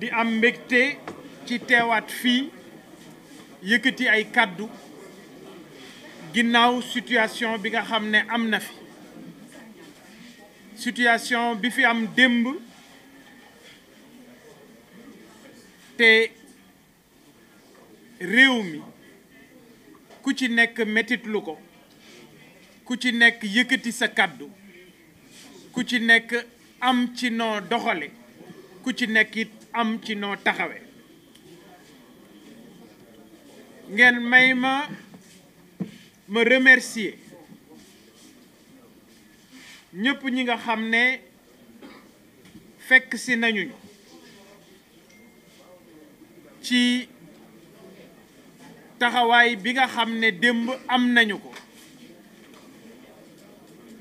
di am mbégte ci teewaat fii yëkkati ay kàddu ginnaaw situation bi nga xam ne am na fi situation bi fi am démb te réew mi ku ci nekk metitlu ko ku ci nekk yëkkati sa kàddu ku ci nekk am ci noo doxale ku ci nekk am ci noo taxawe ngeen may ma ma remercier ñëpp ñi nga xam ne fekk si nañuñu ci taxawaay bi nga xam ne démb am nañu ko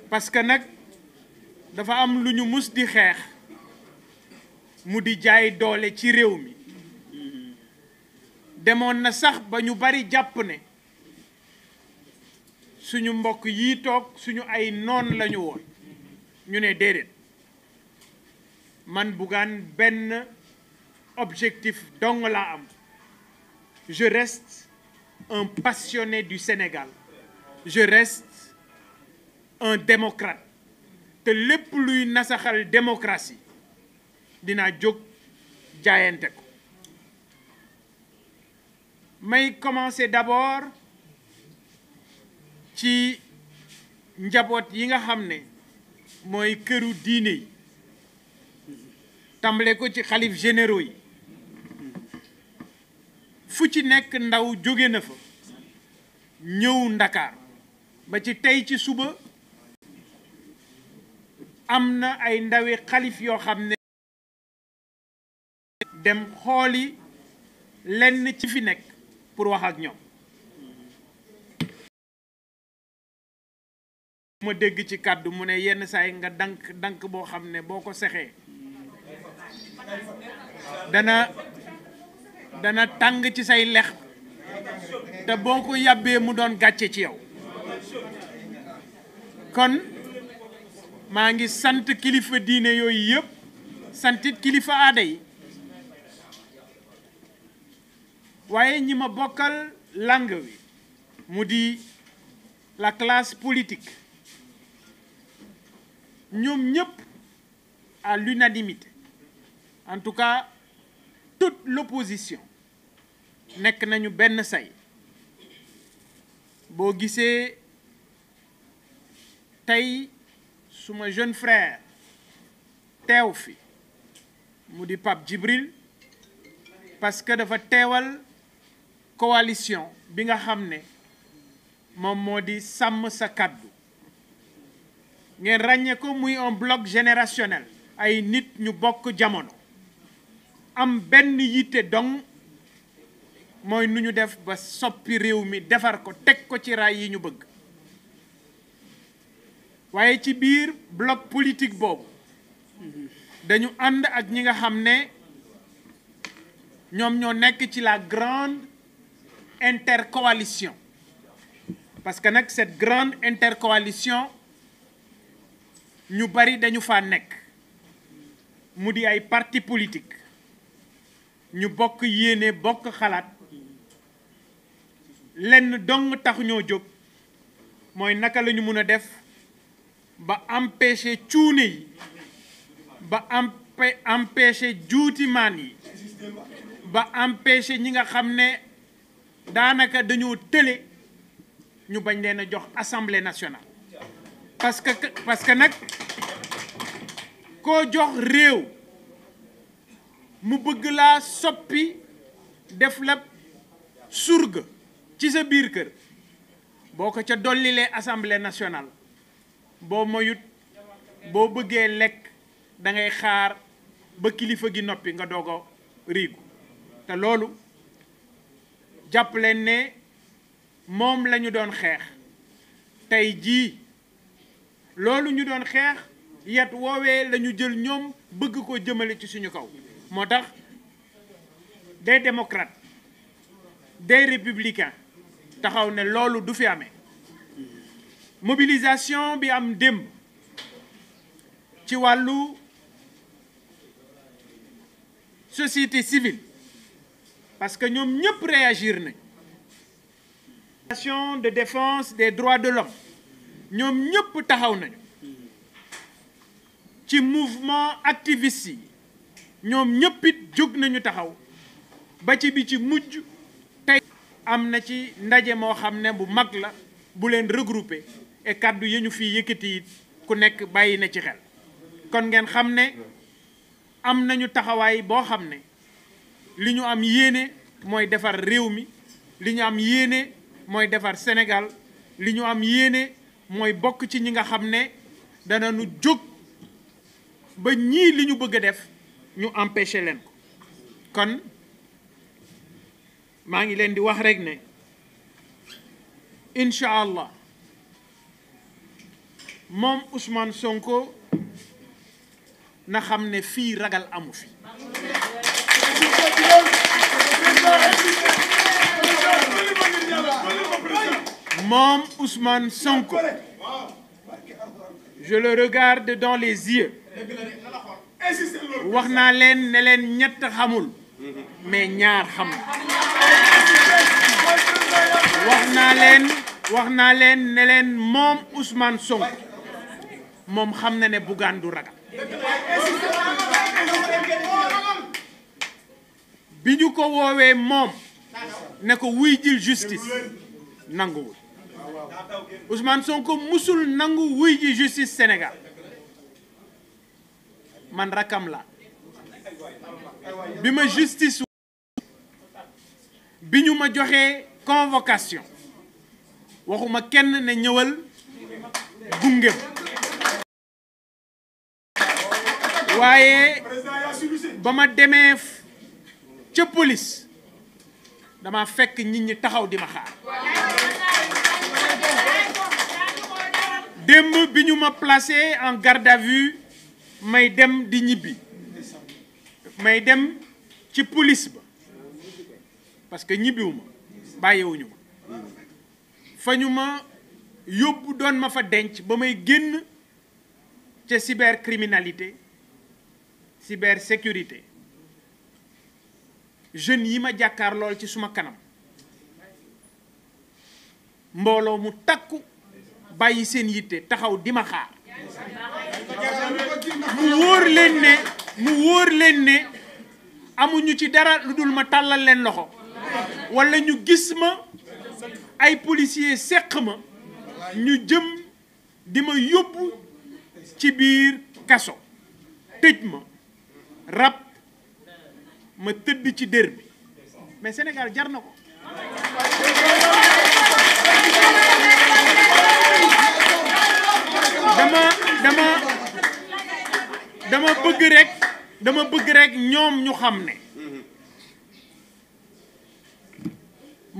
parce que nag dafa am lu ñu mus di xeex mu di jaay doole ci réew mi demoon na sax ba ñu bari jàpp ne suñu mbokk yi toog suñu ay noon lañu woon ñu ne déedéet man Bougane benn objectif dong laa am je reste un passionné du Sénégal je reste un démocrate te lépp luy nasaxal démocratie dina jóg jaayante ko may commencer d'abord ci njaboot yi nga xam ne mooy këru diine yi tàmbale ko ci xalif généraux yi fu ci nekk ndaw jóge na fa ñëw Ndakaar ba ci tey ci suba am na ay ndawi xalif yoo xam ne dem xooli lenn ci fi nekk pour wax ak ñoom ma dégg ci kàddu mu ne yenn saay nga dank dank boo xam ne boo ko sexee dana dana tàng ci say lex te boo ko yàbbee mu doon gàcce ci yow kon maa ngi sant kilifa diine yooyu yëpp santit kilifa aada yi waaye ñi ma bokkal langue mu di la classe politique ñoom ñëpp à l'unanimité en tout cas toute l'opposition nekk nañu benn say boo gisee tey suma jeune frère teew fi mu di Pape Djibril parce que dafa teewal coalition bi nga xam ne moom moo di sàmm sa kàddu ngeen ràññee ko muy un bloc générationnel ay nit ñu bokk jamono am benn yitte dong mooy nu ñu def ba soppi réew mi defar ko teg ko ci raay yi ñu bëgg waaye ci biir bloc politique boobu dañu ànd ak ñi nga xam ne ñoom ñoo nekk ci la grande intercoalition parce que nag cette grande intercoalition ñu bari dañu fa nekk mu di ay parti politique ñu bokk yéene bokk xalaat lenn dong tax ñoo jóg mooy naka lañu mën a def ba empêcher cuune yi ba empêcher juutimaan yi ba empêcher ñi nga xam ne daanaka dañoo tële ñu bañ leen a jox assemblée nationale parce que parce que nag koo jox réew mu bëgg laa soppi def la surga ci sa biir kër boo ko ca dollilee assemblée nationale boo moyut boo bëggee lekk da ngay xaar ba kilifa gi noppi nga doog riigu te loolu jàpp leen ne moom la ñu doon xeex tey jii loolu ñu doon xeex yet woowee la jël ñoom bëgg ko jëmale ci suñu kaw moo tax des démocrates des républicains taxaw ne loolu du fi amee mobilisation bi am démb ci wàllu société civile parce que ñoom ñëpp réagir nañ association de défense des droits de l'homme ñoom ñëpp taxaw nañu ci mouvement activiste yi ñoom ñëpp jóg nañu taxaw ba ci bi ci mujj tey am na ci ndaje moo xam ne bu mag la bu leen regroupé et kàddu yi ñu fii yëkkati it ku nekk bàyyi na ci xel kon ngeen xam ne am nañu taxawaay boo xam ne li ñu am yéene mooy defar réew mi li ñu am yéene mooy defar Sénégal li ñu am yéene mooy bokk ci ñi nga xam ne dana nu jóg ba ñii li ñu bëgg a def ñu empêché leen ko kon maa ngi leen di wax rek ne incha allah moom Ousmane Sonko na xam ne fii ragal amu fi moom Ousmane Sonko je le regarde dans les yeux wax naa leen ne leen ñett xamul mais ñaar xam wax naa leen wax naa leen ne leen moom Ousmane Sonko moom xam na ne Bougane du ragal bi ñu ko woowee moom ne ko wuy jil justice nanguwul Ousmane ko musul nangu wuy ji justice Sénégal man rakam la bi ma justice bi ñu ma joxee convocation waxuma kenn ne ñëwal gungem waaye ba ma demee ca police dama fekk nit ñi taxaw di xaar démb bi ñu ma placé en garde à vue may dem di ñibbi may dem ci police ba parce que ñibbiwuma bàyyiwuñu ma fa ñu ma yóbbu doon ma fa denc ba may génn ca cybercriminalité cybersécurité jeunes yi ma jàkkaar lool ci suma kanam mbooloo mu takku bàyyi seen yitte taxaw di ma xaar mu wóor leen ne mu wóor leen ne amuñu ci dara lu dul ma tàllal leen loxo walla ñu gis ma ay policier seq ma ñu jëm di ma yóbbu ci biir kaso tëj ma rab ma tëdd ci dër bi mais Sénégal jar na ko dama dama bëgg rek dama bëgg rek ñoom ñu xam ne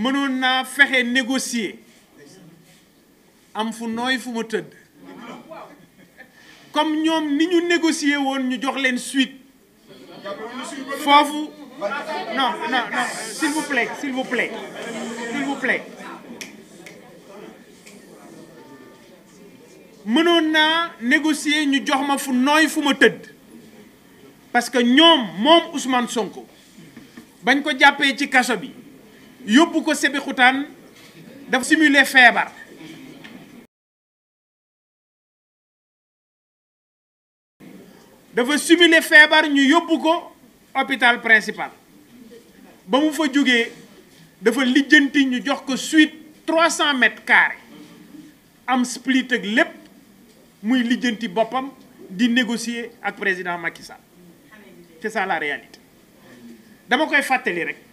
mënoon naa fexe négocier am fu nooy fu tëdd comme ñoom ni ñu négocier woon ñu jox leen suite foofu non non non s'il vous plaît s'il vous plaît s'il vous plaît mënoon naa négocier ñu jox ma fu nooy fu ma tëdd parce que ñoom moom Ousmane Sonko bañ ko jàppee ci kaso bi yóbbu ko Sébikotane dafa simuler feebar dafa simuler feebar ñu yóbbu ko hôpital principal ba mu fa jógee dafa lijjanti ñu jox ko suite trois cent mètres carrés am split ak lépp muy lijjanti boppam di négocier ak président Macky Sall c'est la réalité dama koy fàttali rek.